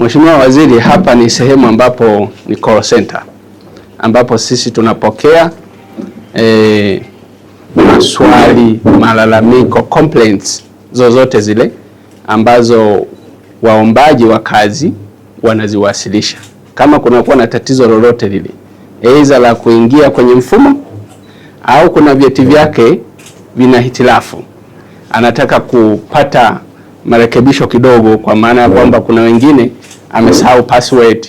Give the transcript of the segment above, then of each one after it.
Mheshimiwa Waziri, hapa ni sehemu ambapo ni call center ambapo sisi tunapokea e, maswali, malalamiko, complaints zozote zile ambazo waombaji wa kazi wanaziwasilisha. Kama kunakuwa na tatizo lolote lile, aidha la kuingia kwenye mfumo au kuna vyeti vyake vina hitilafu, anataka kupata marekebisho kidogo, kwa maana ya kwamba kuna wengine amesahau password,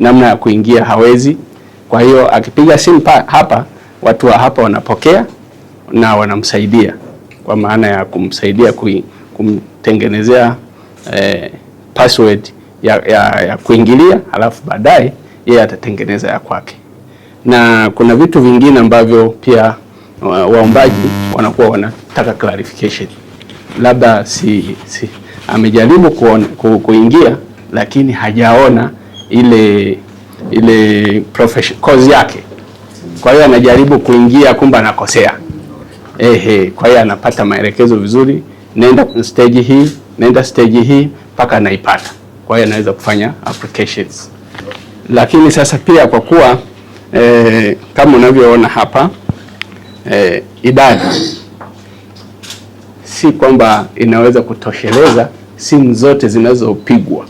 namna ya kuingia hawezi. Kwa hiyo akipiga simu hapa, watu wa hapa wanapokea na wanamsaidia kwa maana ya kumsaidia kui, kumtengenezea eh, password ya, ya, ya kuingilia, alafu baadaye yeye atatengeneza ya kwake. Na kuna vitu vingine ambavyo pia waombaji wanakuwa wanataka clarification, labda si, si amejaribu kuingia lakini hajaona ile ile profession yake, kwa hiyo anajaribu kuingia, kumbe anakosea. Ehe, kwa hiyo anapata maelekezo vizuri, nenda stage hii, nenda stage hii mpaka anaipata. Kwa hiyo anaweza kufanya applications, lakini sasa pia kwa kuwa eh, kama unavyoona hapa eh, idadi si kwamba inaweza kutosheleza simu zote zinazopigwa,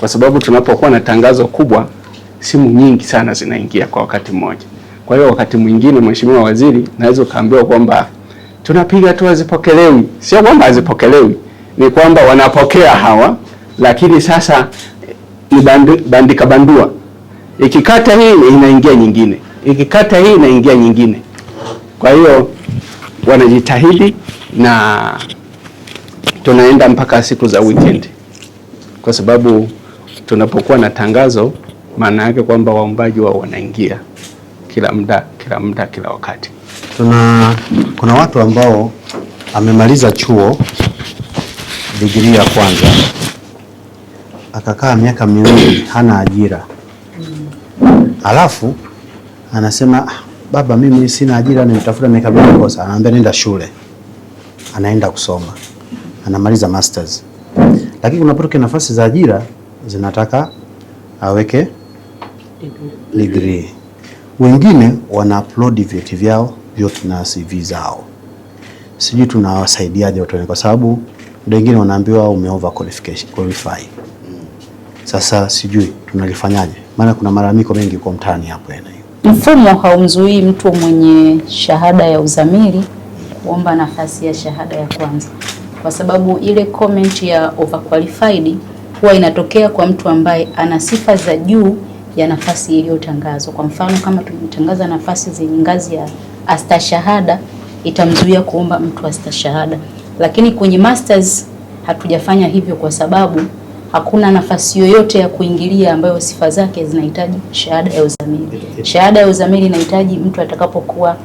kwa sababu tunapokuwa na tangazo kubwa, simu nyingi sana zinaingia kwa wakati mmoja. Kwa hiyo wakati mwingine, Mheshimiwa Waziri, naweza ukaambiwa kwamba tunapiga tu hazipokelewi. Sio kwamba hazipokelewi, ni kwamba wanapokea hawa, lakini sasa ni bandu, bandika bandua, ikikata hii inaingia nyingine, ikikata hii inaingia nyingine. Kwa hiyo wanajitahidi na tunaenda mpaka siku za weekend, kwa sababu tunapokuwa na tangazo, maana yake kwamba waombaji wao wanaingia kila muda kila muda kila wakati. Tuna, kuna watu ambao amemaliza chuo digrii ya kwanza akakaa miaka miwili hana ajira, alafu anasema ah, baba, mimi sina ajira, nimetafuta miaka miwili kosa. Anaambia nenda shule, anaenda kusoma anamaliza masters, lakini kunapotoka nafasi za ajira zinataka aweke degree. Wengine wana upload vyeti vyao vyote na CV zao, sijui tunawasaidiaje watu kwa sababu wengine wanaambiwa ume over qualification qualify. Sasa sijui tunalifanyaje, maana kuna malalamiko mengi kwa mtaani hapo. Yana Mfumo haumzuii mtu mwenye shahada ya uzamili kuomba nafasi ya shahada ya kwanza kwa sababu ile comment ya overqualified huwa inatokea kwa mtu ambaye ana sifa za juu ya nafasi iliyotangazwa. Kwa mfano, kama tumetangaza nafasi zenye ngazi ya astashahada, itamzuia kuomba mtu astashahada, lakini kwenye masters hatujafanya hivyo kwa sababu hakuna nafasi yoyote ya kuingilia ambayo sifa zake zinahitaji shahada ya uzamili. Shahada ya uzamili inahitaji mtu atakapokuwa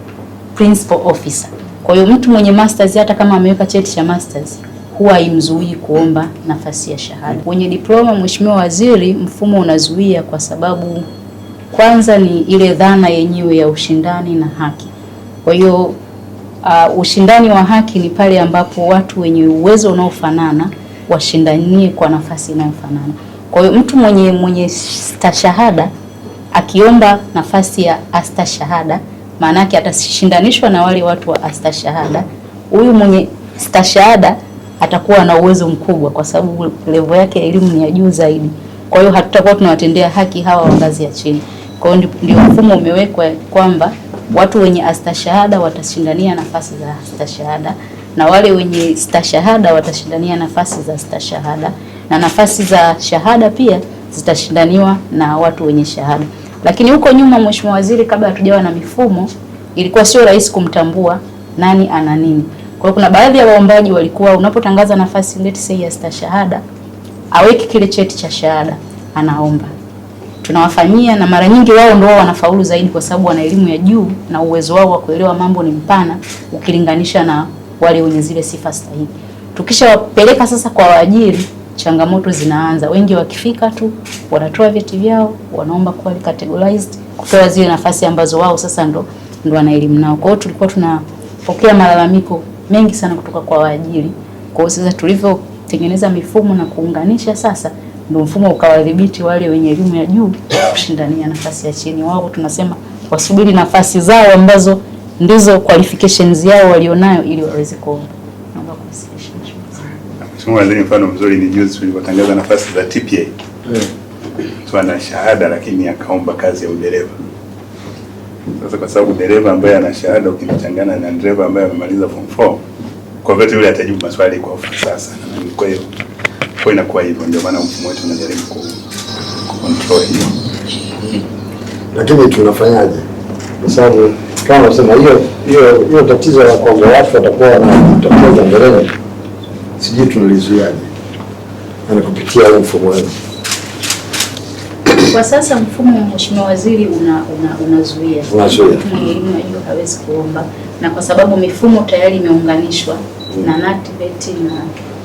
principal officer. Kwa hiyo mtu mwenye masters hata kama ameweka cheti cha masters huwa imzuii kuomba nafasi ya shahada. Wenye diploma, Mheshimiwa Waziri, mfumo unazuia kwa sababu kwanza ni ile dhana yenyewe ya ushindani na haki. Kwa hiyo uh, ushindani wa haki ni pale ambapo watu wenye uwezo unaofanana washindanie kwa nafasi inayofanana. Kwa hiyo mtu mwenye mwenye stashahada akiomba nafasi ya astashahada yake atashindanishwa na wale watu wa astashahada. Huyu mwenye stashahada atakuwa na uwezo mkubwa, kwa sababu levo yake ya elimu ni ya juu zaidi. Kwa hiyo hatutakuwa tunawatendea haki hawa wa ngazi ya chini. Kwa hiyo ndio mfumo umewekwa kwamba watu wenye astashahada watashindania nafasi za astashahada na wale wenye stashahada watashindania nafasi za stashahada na nafasi za shahada pia zitashindaniwa na watu wenye shahada. Lakini huko nyuma, mheshimiwa waziri, kabla hatujawa na mifumo, ilikuwa sio rahisi kumtambua nani ana nini. Kwa hiyo kuna baadhi ya waombaji walikuwa, unapotangaza nafasi let's say ya stashahada, aweki kile cheti cha shahada anaomba tunawafanyia na mara nyingi wao ndio wanafaulu zaidi, kwa sababu wana elimu ya juu na uwezo wao wa kuelewa mambo ni mpana ukilinganisha na wale wenye zile sifa stahili. Tukishawapeleka sasa kwa waajiri changamoto zinaanza. Wengi wakifika tu wanatoa vyeti vyao, wanaomba kuwa categorized, kupewa zile nafasi ambazo wao sasa ndo ndo wana elimu nao. Kwa hiyo tulikuwa tunapokea malalamiko mengi sana kutoka kwa waajiri. Kwa hiyo sasa tulivyotengeneza mifumo na kuunganisha sasa ndio mfumo ukawadhibiti wale wenye elimu ya juu kushindania nafasi ya chini. Wao tunasema wasubiri nafasi zao ambazo ndizo qualifications yao walionayo ili waweze kuomba. Mheshimiwa Waziri, mfano mzuri ni juzi tulipotangaza nafasi za TPA yeah. Mtu ana shahada lakini akaomba kazi ya udereva. Sasa kwa sababu dereva ambaye ana shahada ukimchangana na dereva ambaye amemaliza form 4 kwa vyote yule atajibu maswali kwa ufasaha sana, kwa hiyo kwa inakuwa hivyo, ndio maana mfumo wetu unajaribu ku control hiyo. Lakini tunafanyaje? Kwa sababu kama unasema hiyo hiyo hiyo tatizo la kwamba watu watakuwa wanatokeza dereva sijui tunalizuiaje ana kupitia huu mfumo wenu kwa sasa. Mfumo wa mheshimiwa waziri unazuia una, una mtu mwenye elimu ya juu hawezi kuomba, na kwa sababu mifumo tayari imeunganishwa mm. na nati na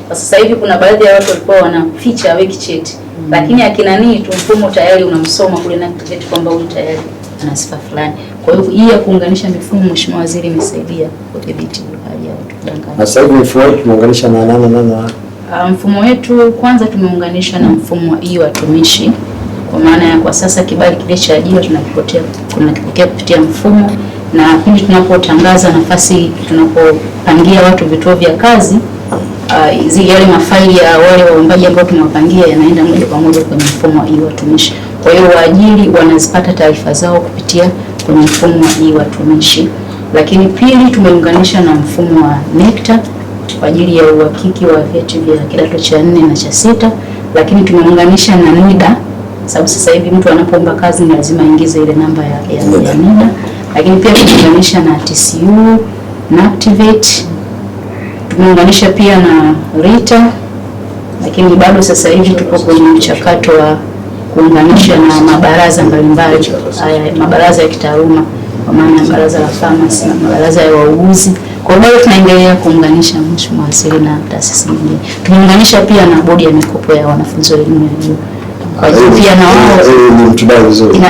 kwa sasa hivi kuna baadhi ya watu walikuwa wanaficha wiki cheti mm. lakini akinanii tu mfumo tayari unamsoma kule nati kwamba huyu tayari ana sifa fulani. Kwa hiyo hii ya kuunganisha mifumo, Mheshimiwa Waziri, imesaidia kudhibiti hali ya watu. Na sasa hivi mfumo wetu tumeunganisha na nani na nani? Ah, mfumo wetu kwanza tumeunganisha na mfumo wa hii watumishi, kwa maana ya kwa sasa kibali kile cha ajira tunakipokea tunakipokea kupitia mfumo, na pindi tunapotangaza nafasi, tunapopangia watu vituo vya kazi Uh, yale mafaili ya wale waombaji ambao tumewapangia yanaenda moja kwa moja kwenye mfumo wa watumishi. Kwa hiyo waajiri wanazipata taarifa zao kupitia kwenye mfumo wa e-watumishi, lakini pili, tumeunganisha na mfumo wa NECTA kwa ajili ya uhakiki wa vyeti vya kidato cha nne na cha sita, lakini tumeunganisha na NIDA sababu sasa hivi mtu anapoomba kazi ni lazima aingize ile namba ya, ya, ya NIDA, lakini pia tumeunganisha na TCU na Activate, tumeunganisha pia na RITA, lakini bado sasa hivi tuko kwenye mchakato wa kuunganisha na mabaraza mbalimbali, mabaraza ya kitaaluma kwa maana ya baraza la famasi na mabaraza ya wauguzi. Kwa hiyo bado tunaendelea kuunganisha Mheshimiwa Waziri na taasisi nyingine, tumeunganisha pia na bodi ya mikopo ya wanafunzi wa elimu ya juu pia na wao eh,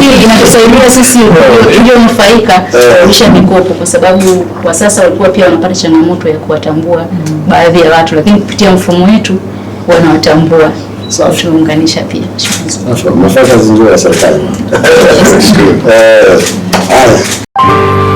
eh, inatusaidia sisi tulionufaika eh. kuisha mikopo, kwa sababu kwa sasa walikuwa pia wanapata changamoto ya kuwatambua mm. baadhi ya watu, lakini kupitia mfumo wetu wanaotambua tunaunganisha pia kazi nzuri ya serikali. Eh,